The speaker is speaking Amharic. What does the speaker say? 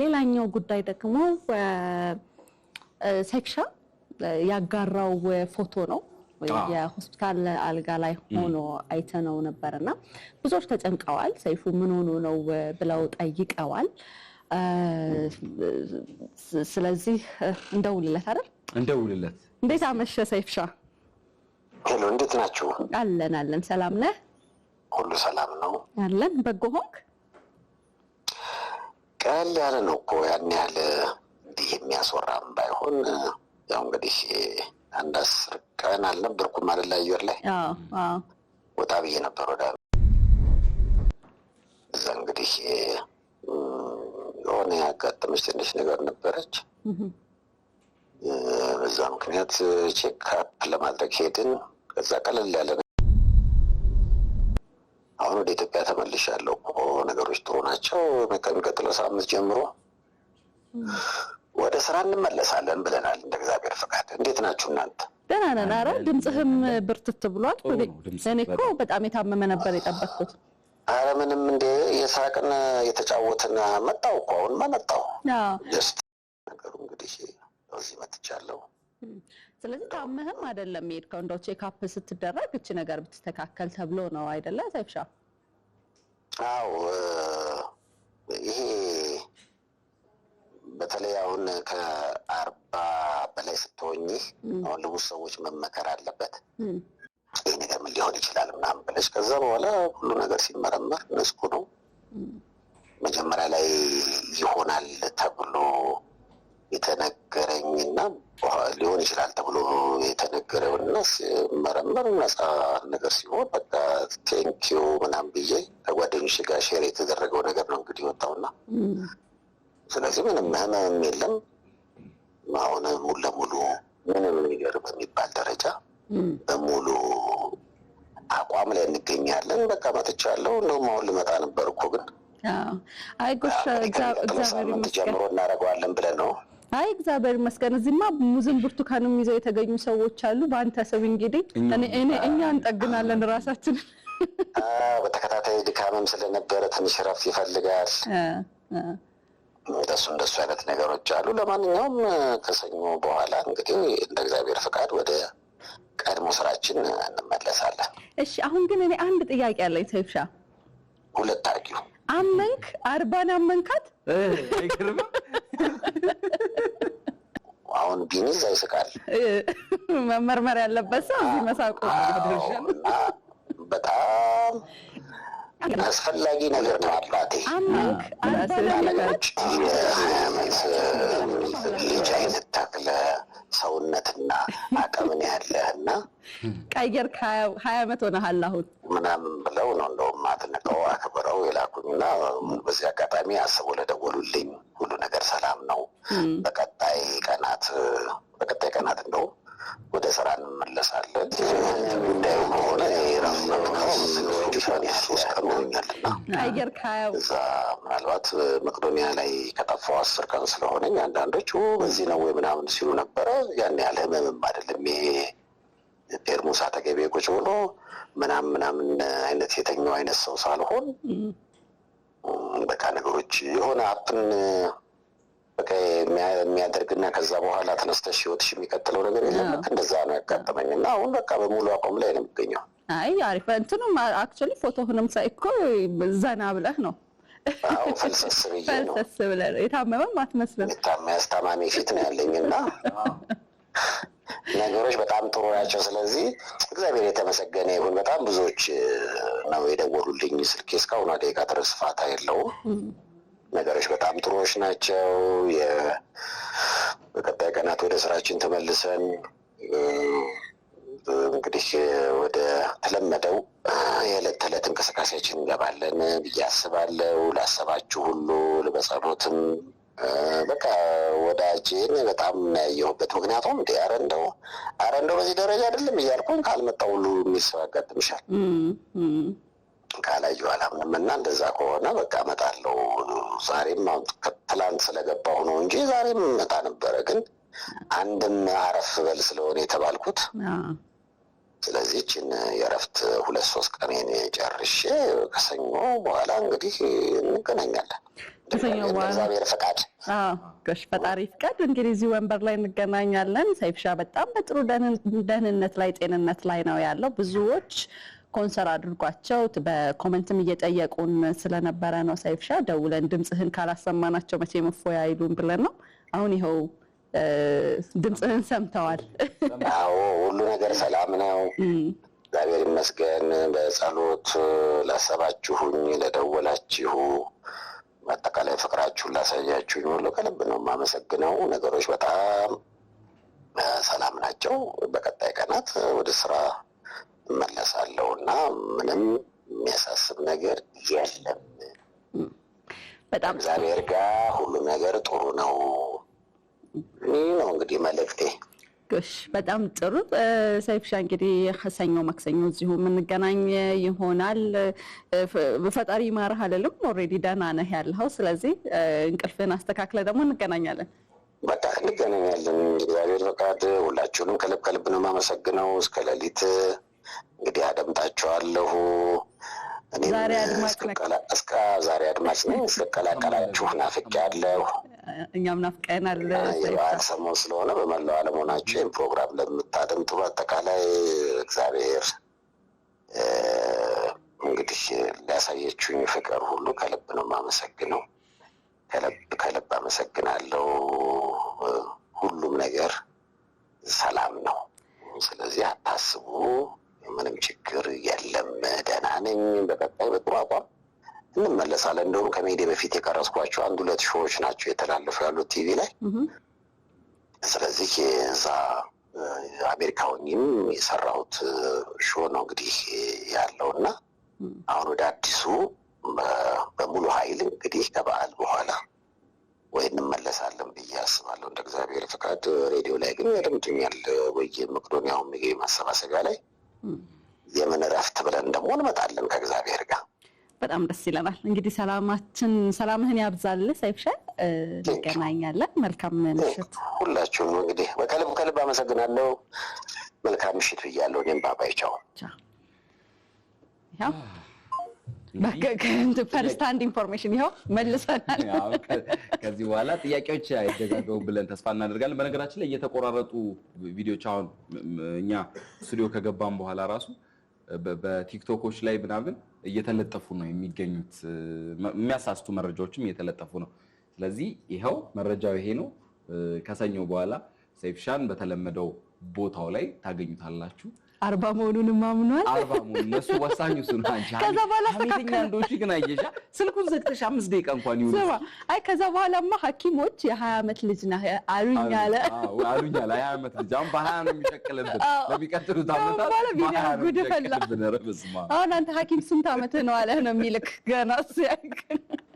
ሌላኛው ጉዳይ ደግሞ ሴክሻ ያጋራው ፎቶ ነው። የሆስፒታል አልጋ ላይ ሆኖ አይተነው እና ብዙዎች ተጨንቀዋል። ሰይፉ ምን ሆኖ ነው ብለው ጠይቀዋል። ስለዚህ እንደውልለት አይደል? እንደውልለት። እንዴት አመሸ ሰይፍሻ? ሄሎ፣ እንዴት ናችሁ? አለን አለን። ሰላም ነህ? ሁሉ ሰላም ነው። አለን። በጎ ሆንክ? ቀለል ያለ ነው እኮ ያን ያህል እንዲህ የሚያስወራም ባይሆን ያው እንግዲህ አንድ አስር ቀን አልነበርኩም አይደል? አየር ላይ ወጣ ብዬ ነበር ወደ እዛ። እንግዲህ የሆነ ያጋጠመች ትንሽ ነገር ነበረች። በዛ ምክንያት ቼክ አፕ ለማድረግ ሄድን። ከዛ ቀለል ያለ አሁን ወደ ኢትዮጵያ ተመልሻለሁ። ነገሮች ጥሩ ናቸው። ከሚቀጥለው ሳምንት ጀምሮ ወደ ስራ እንመለሳለን ብለናል፣ እንደ እግዚአብሔር ፈቃድ። እንዴት ናችሁ እናንተ? ደህና ነን። ኧረ ድምፅህም ብርትት ብሏል። እኔ እኮ በጣም የታመመ ነበር የጠበቅኩት። አረ ምንም እንደ የሳቅን የተጫወትን መጣው እኮ አሁን መጣው። ነገሩ እንግዲህ እዚህ መጥቻለሁ። ስለዚህ ታምህም አይደለም የሄድከው እንደው ቼክአፕ ስትደረግ እች ነገር ብትስተካከል ተብሎ ነው አይደለ? ሰይፍሻ አው ይሄ በተለይ አሁን ከአርባ በላይ ስትሆኝ አሁን ልቡስ ሰዎች መመከር አለበት። ይሄ ነገር ምን ሊሆን ይችላል ምናምን ብለሽ ከዛ በኋላ ሁሉ ነገር ሲመረመር ነስኩ ነው መጀመሪያ ላይ ይሆናል ተብሎ የተነገ ሊሆን ይችላል ተብሎ የተነገረው እና መረመር ነፃ ነገር ሲሆን በቃ ቴንኪዩ ምናምን ብዬ ከጓደኞች ጋር ሼር የተደረገው ነገር ነው እንግዲህ ወጣውና፣ ስለዚህ ምንም ህመም የለም። አሁን ሙሉ ለሙሉ ምንም ነገር በሚባል ደረጃ በሙሉ አቋም ላይ እንገኛለን። በቃ መጥቻለሁ። እንደውም አሁን ልመጣ ነበር እኮ ግን አይ ጎሽ ጀምሮ እናደርገዋለን ብለን ነው አይ እግዚአብሔር ይመስገን እዚህማ ሙዝም ብርቱካንም ይዘው የተገኙ ሰዎች አሉ። በአንተ ስም እንግዲህ እኔ እኛ እንጠግናለን ራሳችን። በተከታታይ ድካምም ስለነበረ ትንሽ ረፍት ይፈልጋል። እንደሱ እንደሱ አይነት ነገሮች አሉ። ለማንኛውም ከሰኞ በኋላ እንግዲህ እንደ እግዚአብሔር ፍቃድ ወደ ቀድሞ ስራችን እንመለሳለን። እሺ። አሁን ግን እኔ አንድ ጥያቄ አለኝ ሰይፍሻ። ሁለት አርጊው። አመንክ አርባን አመንካት አሁን ቢንዝ አይስቃል። መመርመር ያለበት ሰው እዚህ መሳቁ በጣም አስፈላጊ ነገር ነው። አባቴ ነገሮች የሀያመት ልጅ አይነት ተክለ ሰውነትና አቅምን ያለህና ቀየር ሀያ ዓመት ሆነሃል አሁን ምናምን ብለው ነው እንደውም አድንቀው አክብረው የላኩኝና በዚህ አጋጣሚ አስቦ ለደወሉልኝ ሁሉ ነገር ሰላም ነው። በቀጣይ ቀናት በቀጣይ ቀናት እንደውም ወደ ስራ እንመለሳለን። ጉዳዩ ከሆነ ራሱሶስት እዛ ምናልባት መቅዶኒያ ላይ ከጠፋው አስር ቀን ስለሆነኝ አንዳንዶች በዚህ ነው ወይ ምናምን ሲሉ ነበረ። ያን ያህል ህመምም አይደለም ይሄ ቴርሙስ አጠገቤ ቁጭ ብሎ ምናም ምናምን አይነት የተኛው አይነት ሰው ሳልሆን በቃ ነገሮች የሆነ አፕን በቃ የሚያደርግና ከዛ በኋላ ተነስተሽ ህይወትሽ የሚቀጥለው ነገር የለም። ልክ እንደዛ ነው ያጋጠመኝ እና አሁን በቃ በሙሉ አቋም ላይ ነው የሚገኘው። አይ አሪፍ እንትኑም አክቹዋሊ ፎቶህንም ሳይ እኮ ዘና ብለህ ነው ፈልሰስ ነው ብለህ የታመመም አትመስልም። ፊት ነው ያለኝ እና ነገሮች በጣም ጥሩ ናቸው። ስለዚህ እግዚአብሔር የተመሰገነ ይሁን። በጣም ብዙዎች ነው የደወሉልኝ። ስልኬ እስካሁን አደጋ ድረስ ፋታ የለውም። ነገሮች በጣም ጥሩዎች ናቸው። በቀጣይ ቀናት ወደ ስራችን ተመልሰን እንግዲህ ወደ ተለመደው የዕለት ተዕለት እንቅስቃሴያችን እንገባለን ብዬ አስባለሁ። ላሰባችሁ ሁሉ በጸሎትም በቃ ወዳጄን በጣም የሚያየሁበት ምክንያቱም እንዲ ኧረ እንደው እንደው በዚህ ደረጃ አይደለም እያልኩኝ ካልመጣ ሁሉ የሚል ሰው ያጋጥምሻል። አላምንም እና እንደዛ ከሆነ በቃ እመጣለሁ። ዛሬም ትላንት ስለገባሁ ነው እንጂ ዛሬም እመጣ ነበረ፣ ግን አንድም አረፍ በል ስለሆነ የተባልኩት ስለዚህ ይህችን የእረፍት ሁለት ሶስት ቀኔን ጨርሼ ከሰኞ በኋላ እንግዲህ እንገናኛለን። እግዚአብሔር ፈቃድ ጎሽ ፈጣሪ ፍቃድ እንግዲህ እዚህ ወንበር ላይ እንገናኛለን። ሰይፍሻ በጣም በጥሩ ደህንነት ላይ ጤንነት ላይ ነው ያለው። ብዙዎች ኮንሰር አድርጓቸው በኮመንትም እየጠየቁን ስለነበረ ነው ሰይፍሻ ደውለን ድምፅህን ካላሰማናቸው መቼ እፎይ ያይሉን ብለን ነው። አሁን ይኸው ድምፅህን ሰምተዋል። አዎ ሁሉ ነገር ሰላም ነው። እግዚአብሔር ይመስገን። በጸሎት ላሰባችሁኝ፣ ለደወላችሁ አጠቃላይ ፍቅራችሁን ላሳያችሁ ሁሉ ከልብ ነው የማመሰግነው። ነገሮች በጣም ሰላም ናቸው። በቀጣይ ቀናት ወደ ስራ እመለሳለሁ እና ምንም የሚያሳስብ ነገር የለም። በጣም እግዚአብሔር ጋር ሁሉም ነገር ጥሩ ነው ነው እንግዲህ መልእክቴ። ጎሽ በጣም ጥሩ ሰይፍሻ፣ እንግዲህ ሰኞ ማክሰኞ እዚሁ የምንገናኝ ይሆናል። ፈጣሪ ማረህ አልልም፣ ኦሬዲ ደህና ነህ ያልኸው። ስለዚህ እንቅልፍን አስተካክለ ደግሞ እንገናኛለን። በቃ እንገናኛለን። እግዚአብሔር ፈቃድ ሁላችሁንም ከልብ ከልብ ነው የማመሰግነው። እስከ ሌሊት እንግዲህ አደምጣቸዋለሁ እስከ ዛሬ አድማጭ ነኝ። ስቀላቀላችሁ ናፍቄ አለሁ። እኛም አለ። የበዓል ሰሞን ስለሆነ በመላው ዓለም ሆናችሁ ይህም ፕሮግራም ለምታደምጡ በአጠቃላይ እግዚአብሔር እንግዲህ ሊያሳየችሁኝ ፍቅር ሁሉ ከልብ ነው የማመሰግነው። ከልብ አመሰግናለሁ። ሁሉም ነገር ሰላም ነው። ስለዚህ አታስቡ ምንም ችግር የለም፣ ደህና ነኝ። በቀጣይ በጥሩ አቋም እንመለሳለን። እንደውም ከሜዲያ በፊት የቀረጽኳቸው አንድ ሁለት ሾዎች ናቸው የተላለፉ ያሉት ቲቪ ላይ። ስለዚህ እዛ አሜሪካውኝም የሰራሁት ሾ ነው እንግዲህ ያለው እና አሁን ወደ አዲሱ በሙሉ ኃይል እንግዲህ ከበዓል በኋላ ወይ እንመለሳለን ብዬ አስባለሁ እንደ እግዚአብሔር ፍቃድ። ሬዲዮ ላይ ግን ያደምጡኛል ወይ መቅዶኒያው ማሰባሰቢያ ላይ የምን ረፍት ብለን ደግሞ እንመጣለን ከእግዚአብሔር ጋር። በጣም ደስ ይለናል። እንግዲህ ሰላማችን ሰላምህን ያብዛል ሳይፍሻ እንገናኛለን። መልካም ምሽት ሁላችሁም። እንግዲህ በከልብ ከልብ አመሰግናለሁ። መልካም ምሽት ብያለሁ። ኔም ባባይቻው ፈርስታንድ ኢንፎርሜሽን ይኸው መልሰናል። ከዚህ በኋላ ጥያቄዎች አይደጋገቡ ብለን ተስፋ እናደርጋለን። በነገራችን ላይ እየተቆራረጡ ቪዲዮች አሁን እኛ ስቱዲዮ ከገባም በኋላ ራሱ በቲክቶኮች ላይ ምናምን እየተለጠፉ ነው የሚገኙት። የሚያሳስቱ መረጃዎችም እየተለጠፉ ነው። ስለዚህ ይኸው መረጃው ይሄ ነው። ከሰኞ በኋላ ሴፍሻን በተለመደው ቦታው ላይ ታገኙታላችሁ። አርባ መሆኑን ማምኗል። አርባ መሆኑን እነሱ ወሳኙ እሱ ነው። ከዛ በኋላ አንዶቹ ግን አየሻ ስልኩን ዘግተሽ አምስት ደቂቃ እንኳን ይሁን። አይ ከዛ በኋላማ ሐኪሞች የሀያ ዓመት ልጅ ነህ አሉኝ አለ አሉኝ አለ ሀያ ዓመት ልጅ አሁን በሀያ ነው የሚሸቅልብን ለሚቀጥሉት ዓመታት ቢዳ ጉድ ፈላ። አሁን አንተ ሐኪም ስንት ዓመት ነው አለህ ነው የሚልክ ገና ሲያቅ